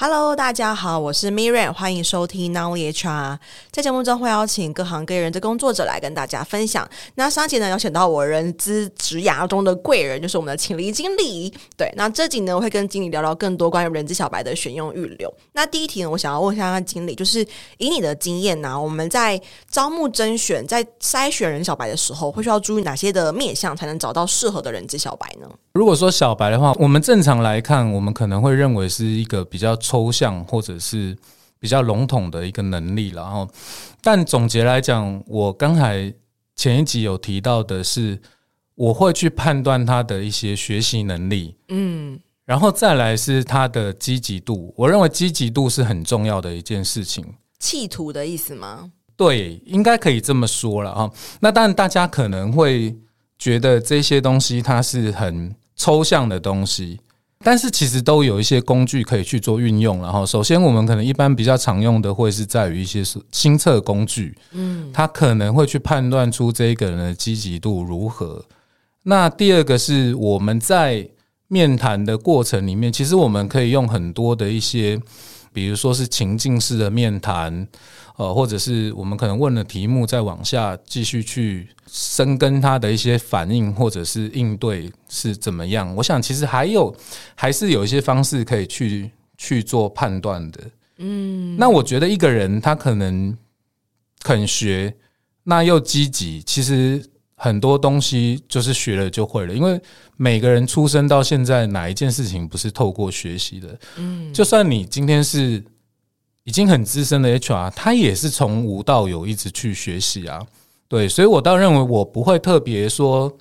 Hello，大家好，我是 Mirren，歡迎收聽 Now HR。在節目中會邀請各行各業的人資工作者來跟大家分享。那上期呢，邀請到我人資職涯中的貴人，就是我們的啟琳經理。對，那這集呢，我會跟經理聊聊更多關於人資小白的選用預留。那第一題呢，我想要問一下經理，就是以你的經驗呢、啊，我們在招募甄選、在篩選人小白的時候，會需要注意哪些的面向，才能找到適合的人資小白呢？如果說小白的話，我們正常來看，我們可能會認為是一個比較，抽象，或者是比較籠統的一個能力了啊，但總結來講，我剛才前一集有提到的是，我會去判斷他的一些學習能力，嗯，然後再來是他的積極度，我認為積極度是很重要的一件事情。企圖的意思嗎？對，應該可以這麼說了啊。那當然，大家可能會覺得這些東西它是很抽象的東西。但是其實都有一些工具可以去做運用，然後首先我們可能一般比較常用的會是在於一些心測工具，嗯，它可能會去判斷出這一個人的積極度如何。那第二個是我們在面談的過程裡面，其實我們可以用很多的一些。比如說是情境式的面談，呃，或者是我們可能問了題目，再往下繼續去深耕他的一些反應，或者是應對是怎麼樣？我想其實還有還是有一些方式可以去去做判斷的。嗯，那我覺得一個人他可能肯學，那又積極，其實。很多東西就是學了就會了，因為每個人出生到現在，哪一件事情不是透過學習的？嗯，就算你今天是已經很資深的 HR，他也是從無到有，一直去學習啊。對，所以我倒認為我不會特別說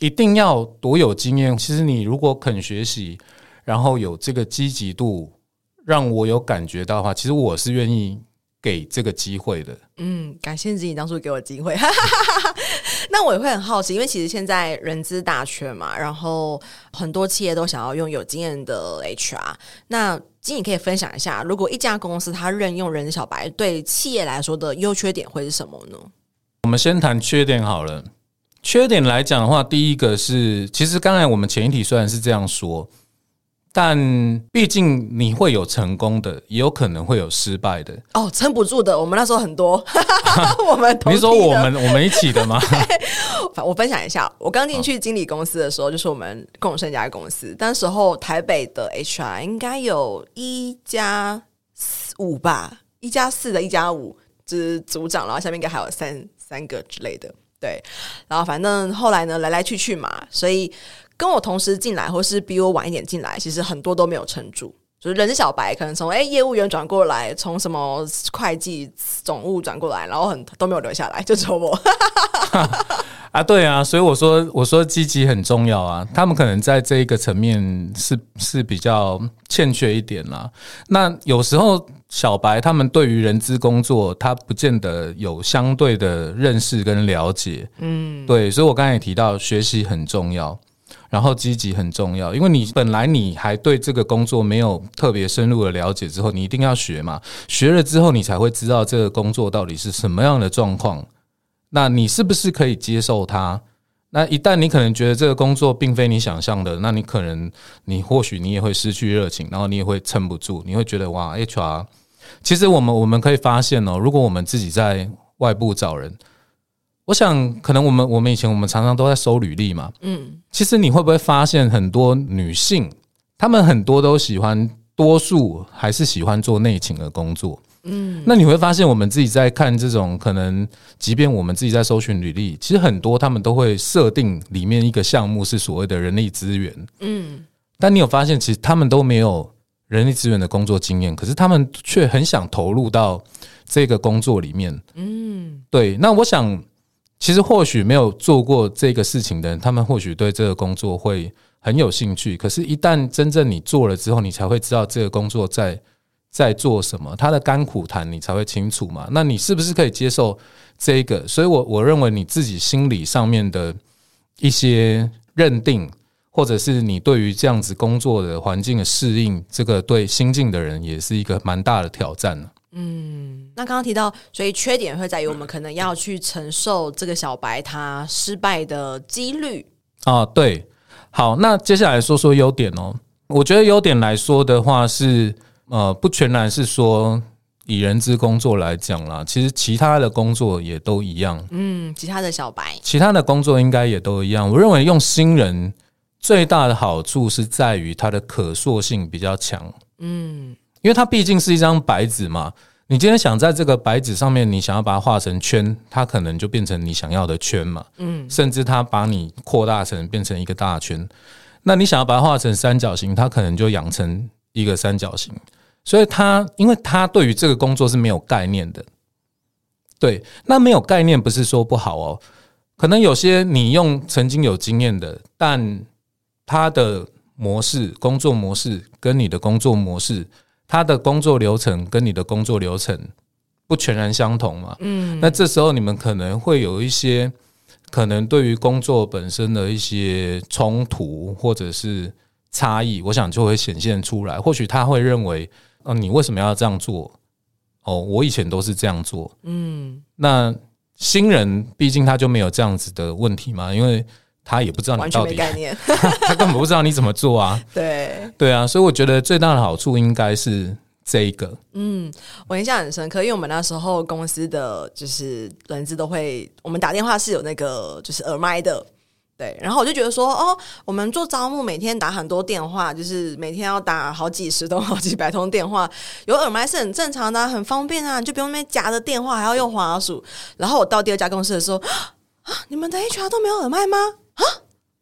一定要多有經驗。其實你如果肯學習，然後有這個積極度，讓我有感覺到的話，其實我是願意。給這個機會的，嗯，感謝自己當初給我機會。 那我也會很好奇，因為其實現在人資大缺嘛，然後很多企業都想要用有經驗的 HR。那啟琳可以分享一下，如果一家公司它任用人小白，對企業來說的優缺點會是什麼呢？我們先談缺點好了。缺點來講的話，第一個是，其實剛才我們前一題雖然是這樣說。但畢竟你會有成功的，也有可能會有失敗的。哦，撐不住的，我們那時候很多。啊、 我們你說我們我們一起的嗎？ 我分享一下，我剛進去經理公司的時候，哦、就是我們共生一家公司。當時候台北的 HR 應該有一加五吧，一加四的一加五是組長，然後下面應該還有三三個之類的。對，然後反正後來呢，來來去去嘛，所以。跟我同時進來，或是比我晚一點進來，其實很多都沒有撐住，就是人資小白，可能從哎、欸、業務員轉過來，從什麼會計總務轉過來，然後很都沒有留下來，就只有我。 啊，對啊，所以我說我說積極很重要啊，他們可能在這一個層面是是比較欠缺一點啦、啊。那有時候小白他們對於人資工作，他不見得有相對的認識跟了解，嗯，對，所以我剛才也提到學習很重要。然後積極很重要，因為你本來你還對這個工作沒有特別深入的了解，之後你一定要學嘛，學了之後你才會知道這個工作到底是什麼樣的狀況。那你是不是可以接受它？那一旦你可能覺得這個工作並非你想象的，那你可能你或許你也會失去熱情，然後你也會撐不住，你會覺得哇，HR。其實我們我們可以發現哦，如果我們自己在外部找人。我想，可能我們我們以前我們常常都在收履歷嘛，嗯，其實你會不會發現很多女性，她們很多都喜歡，多數還是喜歡做內勤的工作，嗯，那你會發現，我們自己在看這種可能，即便我們自己在搜尋履歷，其實很多他們都會設定裡面一個項目是所謂的人力資源，嗯，但你有發現，其實他們都沒有人力資源的工作經驗，可是他們卻很想投入到這個工作裡面，嗯，對，那我想。其實或許沒有做過這個事情的人，他們或許對這個工作會很有興趣。可是，一旦真正你做了之後，你才會知道這個工作在在做什麼，他的甘苦談你才會清楚嘛。那你是不是可以接受這個？所以我，我我認為你自己心理上面的一些認定，或者是你對於這樣子工作的環境的適應，這個對新進的人也是一個蠻大的挑戰。嗯，那剛剛提到，所以缺點會在於我們可能要去承受這個小白他失敗的幾率。嗯。啊，對，好，那接下來說說優點哦。我覺得優點來說的話是，呃，不全然是說以人資工作來講啦，其實其他的工作也都一樣。嗯，其他的小白，其他的工作應該也都一樣。我認為用新人最大的好處是在於他的可塑性比較強。嗯。因為它畢竟是一張白紙嘛，你今天想在這個白紙上面，你想要把它畫成圈，它可能就變成你想要的圈嘛。嗯，甚至它把你擴大成變成一個大圈，那你想要把它畫成三角形，它可能就養成一個三角形。所以它，因為它對於這個工作是沒有概念的，對，那沒有概念不是說不好哦，可能有些你用曾經有經驗的，但它的模式、工作模式跟你的工作模式。他的工作流程跟你的工作流程不全然相同嘛？嗯，那這時候你們可能會有一些可能對於工作本身的一些衝突或者是差異，我想就會顯現出來。或許他會認為，哦、呃，你為什麼要這樣做？哦，我以前都是這樣做。嗯，那新人畢竟他就沒有這樣子的問題嘛，因為。他也不知道你到底概念。 他根本不知道你怎麼做啊！對對啊，所以我覺得最大的好處應該是這一個。嗯，我印象很深刻，因為我們那時候公司的就是人資都會，我們打電話是有那個就是耳麥的，對。然後我就覺得說，哦，我們做招募，每天打很多電話，就是每天要打好幾十通、好幾百通電話，有耳麥是很正常的，啊，很方便啊，就不用那邊夾着電話還要用滑鼠。然後我到第二家公司的時候，啊，你們的 HR 都沒有耳麥嗎？啊，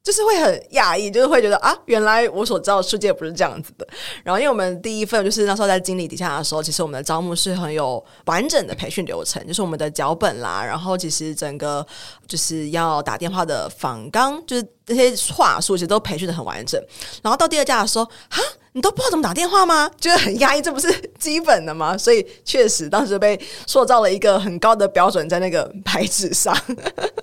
就是會很訝異，就是會覺得啊，原來我所知道的世界不是這樣子的。然後，因為我們第一份就是那時候在經理底下的時候，其實我們的招募是很有完整的培訓流程，就是我們的腳本啦，然後其實整個就是要打電話的訪綱，就是。這些話術其實都培訓得很完整，然後到第二家的時候，哈，你都不知道怎麼打電話嗎？覺得很壓抑，這不是基本的嗎？所以確實當時被塑造了一個很高的標準在那個牌子上。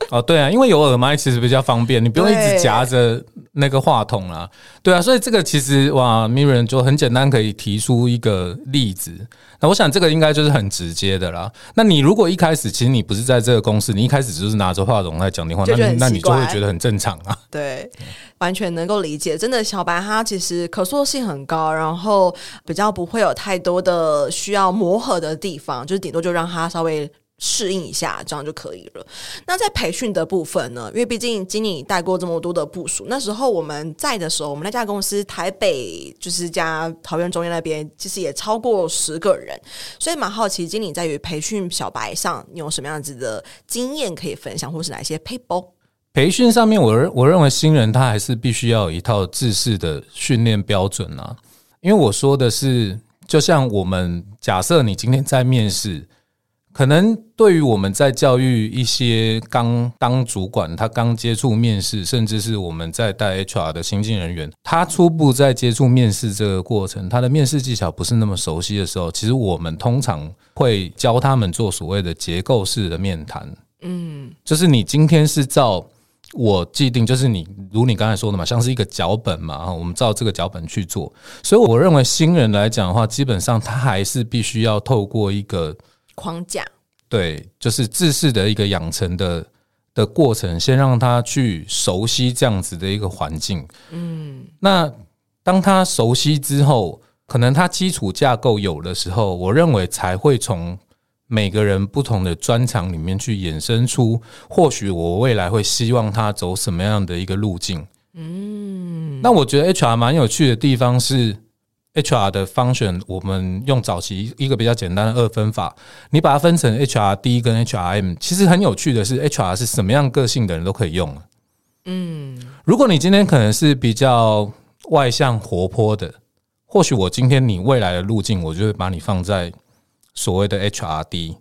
哦，對啊，因為有耳麥其實比較方便，你不用一直夾着。那個話筒啦、啊，對啊，所以這個其實哇，Liam 就很簡單，可以提出一個例子。那我想這個應該就是很直接的啦。那你如果一開始其實你不是在這個公司，你一開始就是拿着話筒來講電話，就就那你那你就會覺得很正常啊。對，嗯、完全能夠理解。真的，小白他其實可塑性很高，然後比較不會有太多的需要磨合的地方，就是頂多就讓他稍微。適應一下，這樣就可以了。那在培訓的部分呢？因為畢竟經理帶過這麼多的部屬，那時候我們在的時候，我們那家公司台北就是加桃園中壢那邊，其實也超過十個人，所以蠻好奇經理在於培訓小白上，你有什麼樣子的經驗可以分享，或是哪些撇步培訓上面我。我我認為新人他還是必須要有一套制式的訓練標準啊。因為我說的是，就像我們假設你今天在面試。可能對於我們在教育一些剛當主管，他剛接觸面試，甚至是我們在帶 HR 的新進人員，他初步在接觸面試這個過程，他的面試技巧不是那麼熟悉的時候，其實我們通常會教他們做所謂的結構式的面談。嗯，就是你今天是照我既定，就是你如你剛才說的嘛，像是一個腳本嘛，我們照這個腳本去做。所以我認為新人來講的話，基本上他還是必須要透過一個。框架對，就是制式的一個養成的的過程，先讓他去熟悉這樣子的一個環境。嗯，那當他熟悉之後，可能他基礎架構有的時候，我認為才會從每個人不同的專長裡面去衍生出，或許我未來會希望他走什麼樣的一個路徑。嗯，那我覺得 HR 蠻有趣的地方是。HR 的 function，我們用早期一個比較簡單的二分法，你把它分成 HRD 跟 HRM。其實很有趣的是，HR 是什麼樣個性的人都可以用。嗯，如果你今天可能是比較外向活潑的，或許我今天你未來的路徑，我就會把你放在所謂的 HRD，啊，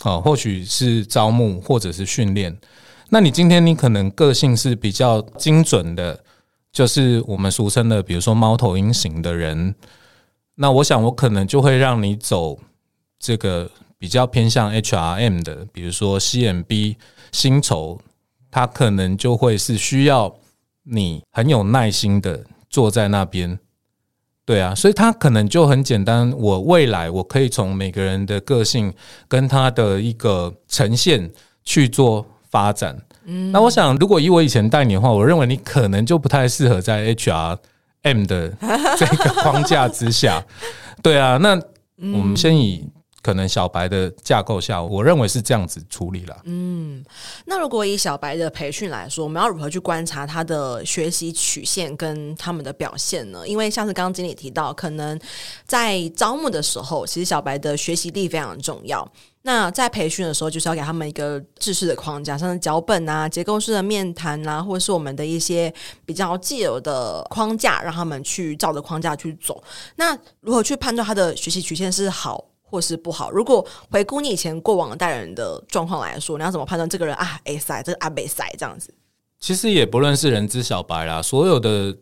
好，或許是招募或者是訓練。那你今天你可能個性是比較精準的。就是我們俗稱的，比如說貓頭鷹型的人，那我想我可能就會讓你走這個比較偏向 HRM 的，比如說 C&B 薪酬，他可能就會是需要你很有耐心的坐在那邊，對啊，所以他可能就很簡單，我未來我可以從每個人的個性跟他的一個呈現去做發展。那我想，如果以我以前帶你的話，我認為你可能就不太適合在 HRM 的這個框架之下。 對啊，那我們先以。可能小白的架構下，我認為是這樣子處理啦。嗯，那如果以小白的培訓來說，我們要如何去觀察他的學習曲線跟他們的表現呢？因為像是剛剛經理提到，可能在招募的時候，其實小白的學習力非常重要。那在培訓的時候，就是要給他們一個制式的框架，像是腳本啊、結構式的面談啊，或是我們的一些比較既有的框架，讓他們去照着框架去走。那如何去判斷他的學習曲線是好？或是不好。如果回顧你以前過往的帶人的狀況來說，你要怎麼判斷這個人啊？哎、欸、塞，這是阿北塞這樣子。其實也不論是人資小白啦，所有的。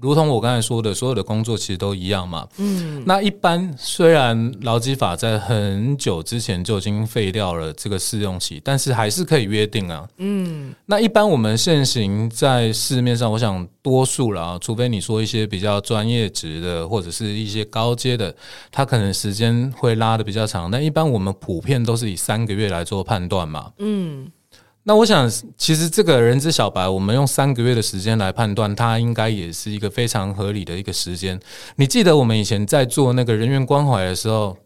如同我剛才說的，所有的工作其實都一樣嘛。嗯，那一般雖然勞基法在很久之前就已經廢掉了這個試用期，但是還是可以約定啊。嗯，那一般我們現行在市面上，我想多數了啊，除非你說一些比較專業職的或者是一些高階的，它可能時間會拉得比較長。但一般我們普遍都是以三個月來做判斷嘛。嗯。那我想，其實這個人資小白，我們用三個月的時間來判斷他，應該也是一個非常合理的一個時間。你記得我們以前在做那個人員關懷的時候，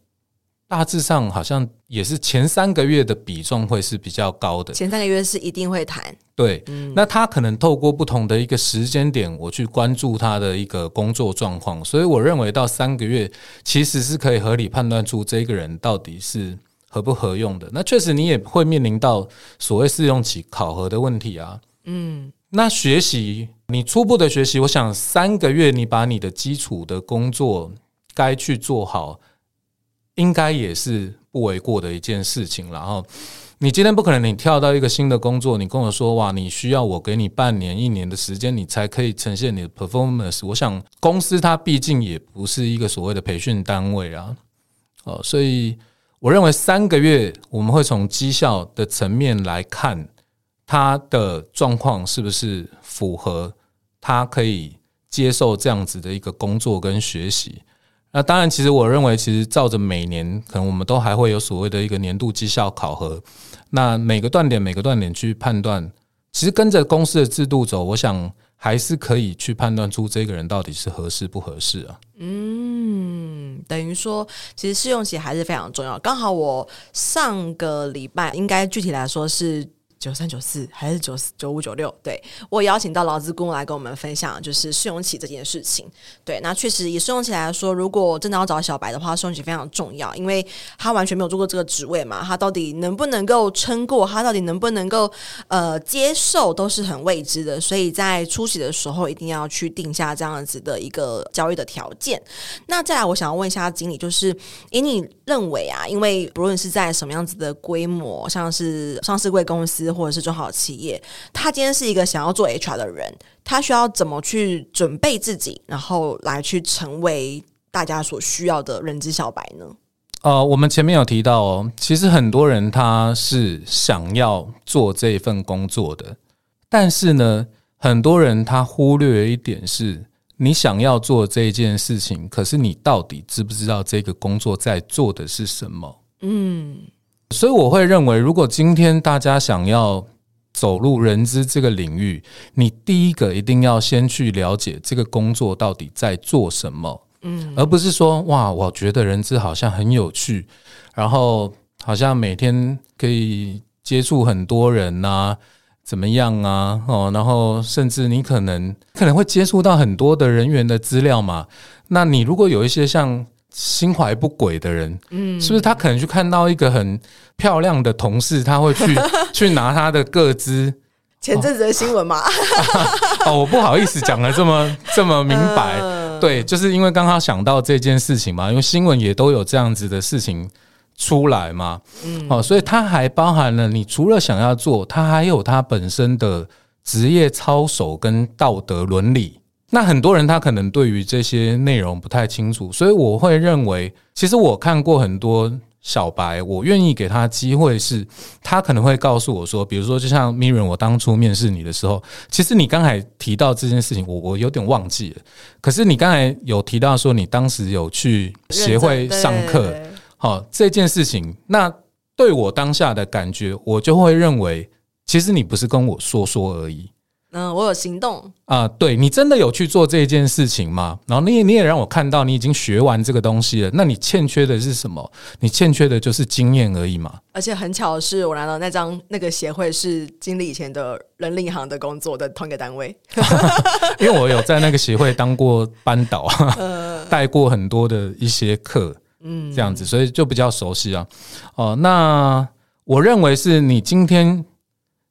大致上好像也是前三個月的比重會是比較高的。前三個月是一定會談，對。嗯。那他可能透過不同的一個時間點，我去關注他的一個工作狀況，所以我認為到三個月其實是可以合理判斷出這個人到底是。合不合用的？那確實你也會面臨到所謂試用期考核的問題啊。嗯，那學習你初步的學習，我想三個月你把你的基礎的工作該去做好，應該也是不為過的一件事情啦。然後你今天不可能你跳到一個新的工作，你跟我說，哇，你需要我給你半年、一年的時間，你才可以呈現你的 performance。我想公司它畢竟也不是一個所謂的培訓單位啊，哦，所以。我認為三個月我們會從績效的層面來看他的狀況是不是符合他可以接受這樣子的一個工作跟學習。那當然，其實我認為，其實照着每年可能我們都還會有所謂的一個年度績效考核。那每個斷點每個斷點去判斷，其實跟着公司的制度走，我想還是可以去判斷出這個人到底是合適不合適啊。嗯。等於說，其實試用期還是非常重要。剛好我上個禮拜，應該具體來說是，九三九四還是九四九五九六？對，我邀請到勞資工來跟我們分享，就是試用期這件事情。對，那確實以試用期來說，如果真的要找小白的話，試用期非常重要，因為他完全沒有做過這個職位嘛，他到底能不能夠撐過，他到底能不能夠呃接受，都是很未知的。所以在初期的時候，一定要去定下這樣子的一個交易的條件。那再來，我想要問一下經理，就是以你認為啊，因為不論是在什麼樣子的規模，像是上市櫃公司。或者是中小企業，他今天是一個想要做 HR 的人，他需要怎麼去準備自己，然後來去成為大家所需要的人資小白呢？呃，我們前面有提到哦，其實很多人他是想要做這一份工作的，但是呢，很多人他忽略了一點是，你想要做這件事情，可是你到底知不知道這個工作在做的是什麼？嗯。所以我會認為，如果今天大家想要走入人資這個領域，你第一個一定要先去了解這個工作到底在做什麼，嗯，而不是說哇，我覺得人資好像很有趣，然後好像每天可以接觸很多人吶、啊，怎麼樣啊？哦，然後甚至你可能可能會接觸到很多的人員的資料嘛。那你如果有一些像心懷不軌的人，嗯，是不是他可能去看到一個很漂亮的同事，他會去去拿他的個資？前陣子的新聞嘛，哦啊啊，哦，我不好意思講的這麼這麼明白，呃、對，就是因為剛剛想到這件事情嘛，因為新聞也都有這樣子的事情出來嘛，嗯，哦，所以它還包含了，你除了想要做，它還有它本身的職業操守跟道德倫理。那很多人他可能對於這些內容不太清楚，所以我會認為，其實我看過很多小白，我願意給他機會，是他可能會告訴我說，比如說，就像 Mirren，我當初面試你的時候，其實你剛才提到這件事情，我我有點忘記了。可是你剛才有提到說，你當時有去協會上課，好，這件事情，那對我當下的感覺，我就會認為，其實你不是跟我說說而已。嗯，我有行動啊、呃！對你真的有去做這件事情嗎？然後你也你也讓我看到你已經學完這個東西了。那你欠缺的是什麼？你欠缺的就是經驗而已嘛。而且很巧的是，我拿到那張那個協會是經歷以前的人力行的工作的同一個單位， 因為我有在那個協會當過班導，帶 過很多的一些課，嗯，這樣子，嗯、所以就比較熟悉啊。哦、呃，那我認為是你今天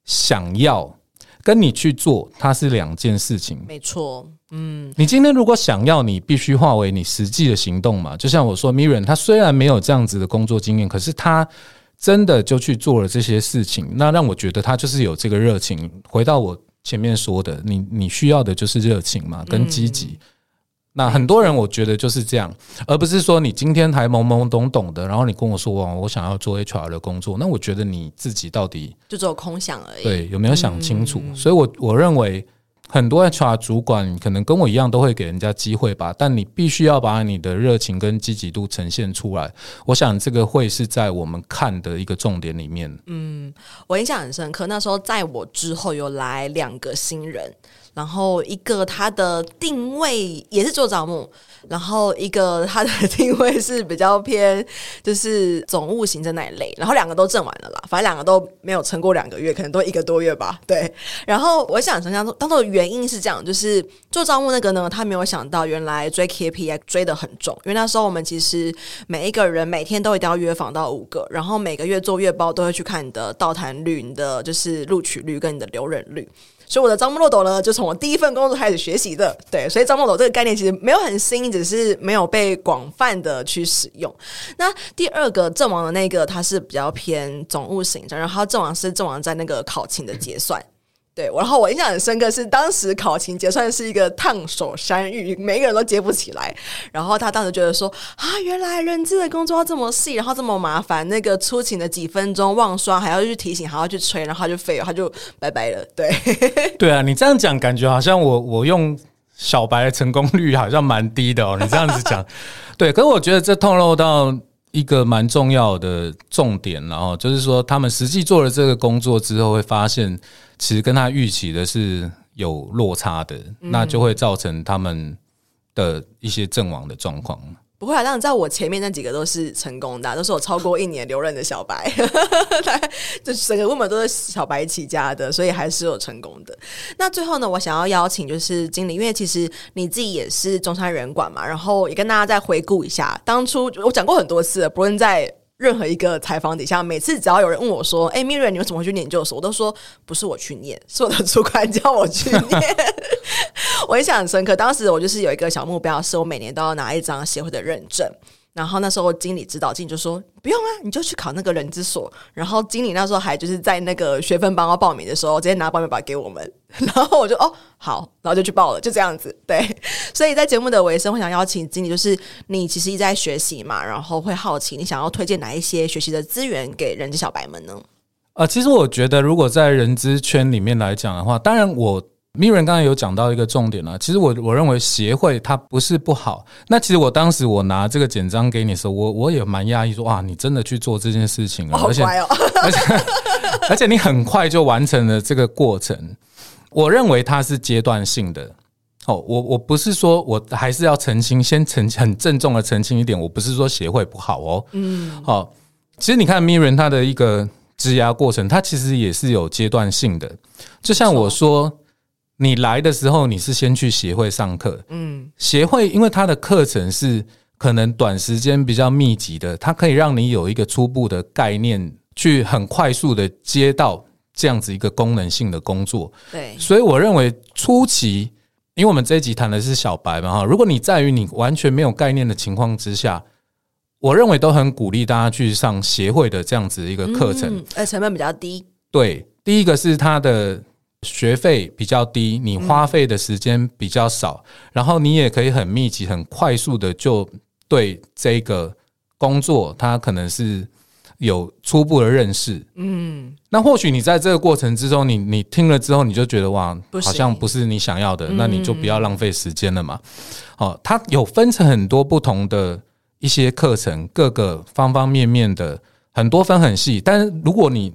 想要。跟你去做，它是兩件事情。沒錯，嗯，你今天如果想要，你必須化為你實際的行動嘛。就像我說，Mirren，他雖然沒有這樣子的工作經驗，可是他真的就去做了這些事情，那讓我覺得他就是有這個熱情。回到我前面說的，你你需要的就是熱情嘛，跟積極。嗯那很多人我覺得就是這樣，而不是說你今天還懵懵懂懂的，然後你跟我說哦，我想要做 HR 的工作，那我覺得你自己到底就只有空想而已，對，有沒有想清楚？嗯，所以我，我我認為很多 HR 主管可能跟我一樣都會給人家機會吧，但你必須要把你的熱情跟積極度呈現出來。我想這個會是在我們看的一個重點裡面。嗯，我印象很深刻，那時候在我之後又來兩個新人。然後一個他的定位也是做招募，然後一個他的定位是比較偏就是總務型的那一類，然後兩個都掙完了啦，反正兩個都沒有撐過兩個月，可能都一個多月吧。對，然後我想想當中的原因是這樣，就是做招募那個呢，他沒有想到原來追 KPI 追得很重，因為那時候我們其實每一個人每天都一定要約訪到五個，然後每個月做月報都會去看你的到談率、你的就是錄取率跟你的留人率，所以我的招募漏斗呢，就從我第一份工作開始學習的。對，所以招募斗這個概念其實沒有很新，只是沒有被廣泛的去使用。那第二個陣亡的那個，它是比較偏總務型，然後陣亡是陣亡在那個考勤的結算。對，然後我印象很深刻是當時考勤結算是一個燙手山芋，每個人都接不起來。然後他當時覺得說啊，原來人資的工作要這麼細，然後這麼麻煩。那個出勤的幾分鐘忘刷，還要去提醒，還要去催，然後他就廢了，他就拜拜了。對，對啊，你這樣講感覺好像我我用小白的成功率好像蠻低的哦？你這樣子講， 對，可是我覺得這透露到。一個蠻重要的重點，然後就是說，他們實際做了這個工作之後，會發現其實跟他預期的是有落差的，嗯、那就會造成他們的一些陣亡的狀況。不會、啊，讓但在我前面那幾個都是成功的，啊，都是有超過一年留任的小白， 就是整個部門都是小白起家的，所以還是有成功的。那最後呢，我想要邀請就是經理，因為其實你自己也是中山人管嘛，然後也跟大家再回顧一下當初我講過很多次了，不論在任何一個採訪底下，每次只要有人問我說：“哎，Mirry，你為什麼會去念研究所？”我都說：“不是我去念，是我的主管叫我去念。” 我印象很深刻，當時我就是有一個小目標，是我每年都要拿一張協會的認證。然後那時候經理指導金就說不用啊，你就去考那個人資所。然後經理那時候還就是在那個學分班要報名的時候，直接拿報名表給我們。然後我就哦好，然後就去報了，就這樣子。對，所以在節目的尾聲，我想邀請經理，就是你其實一直在學習嘛，然後會好奇你想要推薦哪一些學習的資源給人資小白們呢？啊、呃，其實我覺得如果在人資圈裡面來講的話，當然我。Miren 剛才有講到一個重點啊。其實我我認為協會它不是不好。那其實我當時我拿這個簡章給你的時候，我我也蠻訝異，說哇，你真的去做這件事情了，好哦、而且而且 而且你很快就完成了這個過程。我認為它是階段性的。哦，我我不是說我還是要澄清，先澄清很鄭重的澄清一點，我不是說協會不好哦。嗯，好、哦，其實你看 Miren 他的一個質押過程，它其實也是有階段性的，就像我說。嗯你來的時候，你是先去協會上課，嗯，協會因為它的課程是可能短時間比較密集的，它可以讓你有一個初步的概念，去很快速的接到這樣子一個功能性的工作。對，所以我認為初期，因為我們這一集談的是小白嘛哈，如果你在於你完全沒有概念的情況之下，我認為都很鼓勵大家去上協會的這樣子一個課程，哎，成本比較低。對，第一個是它的。學費比較低，你花費的時間比較少，嗯、然後你也可以很密集、很快速的就對這個工作，它可能是有初步的認識。嗯，那或許你在這個過程之中，你你聽了之後，你就覺得哇，不行，好像不是你想要的，那你就不要浪費時間了嘛。好、嗯，它、哦、有分成很多不同的一些課程，各個方方面面的很多分很細，但是如果你。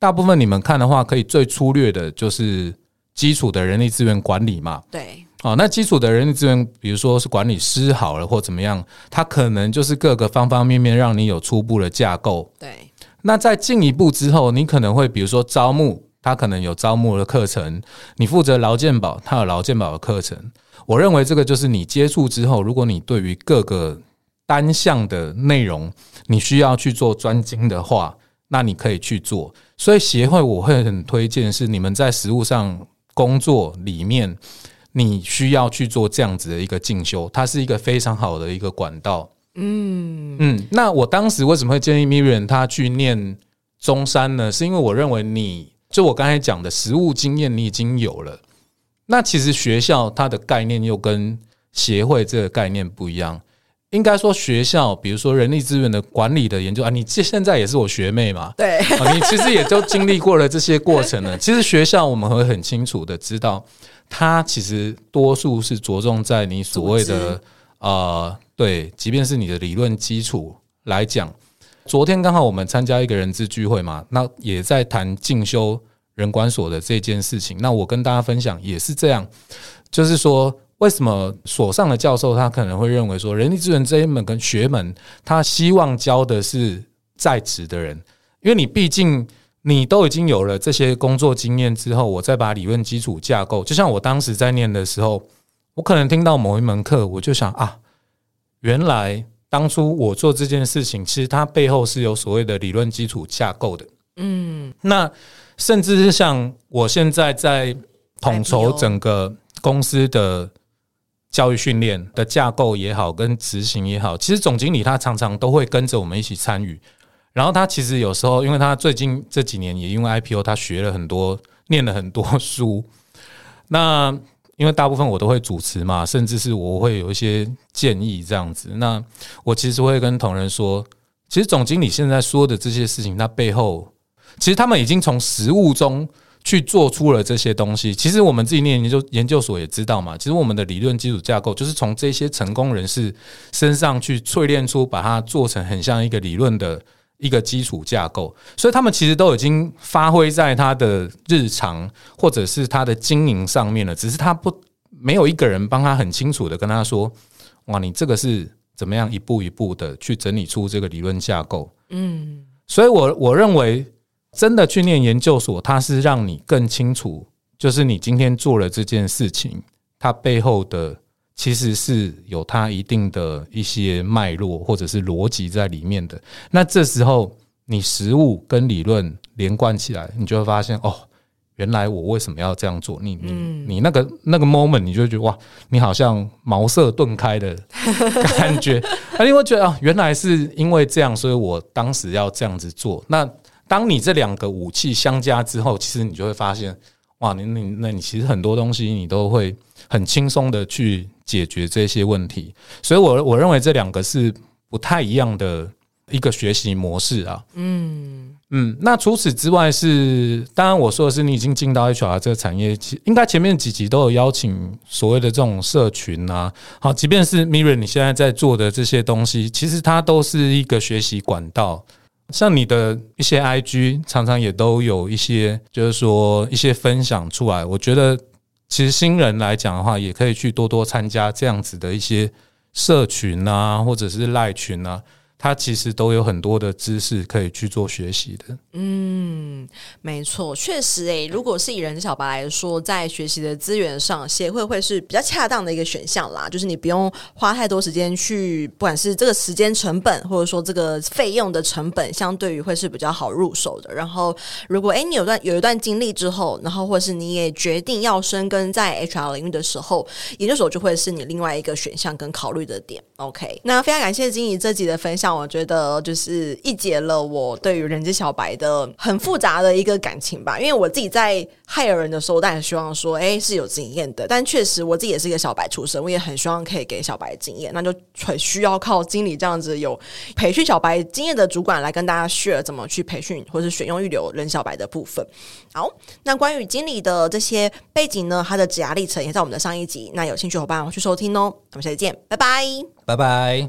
大部分你們看的話，可以最粗略的就是基礎的人力資源管理嘛。對。哦，那基礎的人力資源，比如說是管理師好了或怎麼樣，它可能就是各個方方面面讓你有初步的架構。對。那再進一步之後，你可能會比如說招募，它可能有招募的課程，你負責勞健保，它有勞健保的課程。我認為這個就是你接觸之後，如果你對於各個單項的內容，你需要去做專精的話，那你可以去做，所以協會我會很推薦是你們在實務上工作裡面，你需要去做這樣子的一個進修，它是一個非常好的一個管道。嗯嗯，那我當時為什麼會建議 Mirian 他去念中山呢？是因為我認為你就我剛才講的實務經驗你已經有了，那其實學校它的概念又跟協會這個概念不一樣。應該說，學校比如說人力資源的管理的研究啊，你這現在也是我學妹嘛，對、啊，你其實也都經歷過了這些過程了。 其實學校我們會很清楚的知道，它其實多數是着重在你所謂的呃，對，即便是你的理論基礎來講。昨天剛好我們參加一個人資聚會嘛，那也在談進修人管所的這件事情。那我跟大家分享也是這樣，就是說。為什麼所上的教授他可能會認為說，人力資源這一門跟學門，他希望教的是在職的人，因為你畢竟你都已經有了這些工作經驗之後，我再把理論基礎架構，就像我當時在念的時候，我可能聽到某一門課，我就想啊，原來當初我做這件事情，其實它背後是有所謂的理論基礎架構的。嗯，那甚至是像我現在在統籌整個公司的。教育訓練的架構也好，跟執行也好，其實總經理他常常都會跟着我們一起參與。然後他其實有時候，因為他最近這幾年也因為 IPO，他學了很多，念了很多書。那因為大部分我都會主持嘛，甚至是我會有一些建議這樣子。那我其實會跟同仁說，其實總經理現在說的這些事情，他背後其實他們已經從實務中。去做出了這些東西，其實我們自己念研究研究所也知道嘛。其實我們的理論基礎架構就是從這些成功人士身上去淬煉出，把它做成很像一個理論的一個基礎架構。所以他們其實都已經發揮在他的日常或者是他的經營上面了，只是他不沒有一個人幫他很清楚的跟他說：“哇，你這個是怎麼樣一步一步的去整理出這個理論架構？”嗯，所以我我認為。真的去念研究所，它是讓你更清楚，就是你今天做了這件事情，它背後的其實是有它一定的一些脈絡或者是邏輯在裡面的。那這時候你實務跟理論連貫起來，你就會發現哦，原來我為什麼要這樣做？你你、嗯、你那個那個 moment，你就覺得哇，你好像茅塞頓開的感覺，而且會覺得啊、哦，原來是因為這樣，所以我當時要這樣子做那。當你這兩個武器相加之後，其實你就會發現，哇，你你那你其實很多東西你都會很輕鬆的去解決這些問題。所以我，我我認為這兩個是不太一樣的一個學習模式啊。嗯嗯，那除此之外是，是當然我說的是，你已經進到 HR 這個產業，其應該前面幾集都有邀請所謂的這種社群啊。好，即便是 Mirror，你現在在做的這些東西，其實它都是一個學習管道。像你的一些 IG 常常也都有一些，就是說一些分享出來。我覺得，其實新人來講的話，也可以去多多參加這樣子的一些社群啊，或者是 LINE 群啊。他其實都有很多的知識可以去做學習的。嗯，沒錯，確實誒。如果是以人資小白來說，在學習的資源上，協會會是比較恰當的一個選項啦。就是你不用花太多時間去，不管是這個時間成本，或者說這個費用的成本，相對於會是比較好入手的。然後，如果誒你有段有一段經歷之後，然後或者是你也決定要深耕在 HR 領域的時候，研究所就會是你另外一個選項跟考慮的點。OK，那非常感謝金怡這集的分享。我覺得就是一解了，我對於人資小白的很複雜的一個感情吧，因為我自己在 hire 人的時候，當然希望說，哎、欸，是有經驗的。但確實我自己也是一個小白出身，我也很希望可以給小白經驗，那就很需要靠經理這樣子有培訓小白經驗的主管來跟大家 share 怎麼去培訓，或者是選用育留人小白的部分。好，那關於經理的這些背景呢，他的職業歷程也在我們的上一集，那有興趣伙伴去收聽哦。我們下期見，拜拜，拜拜。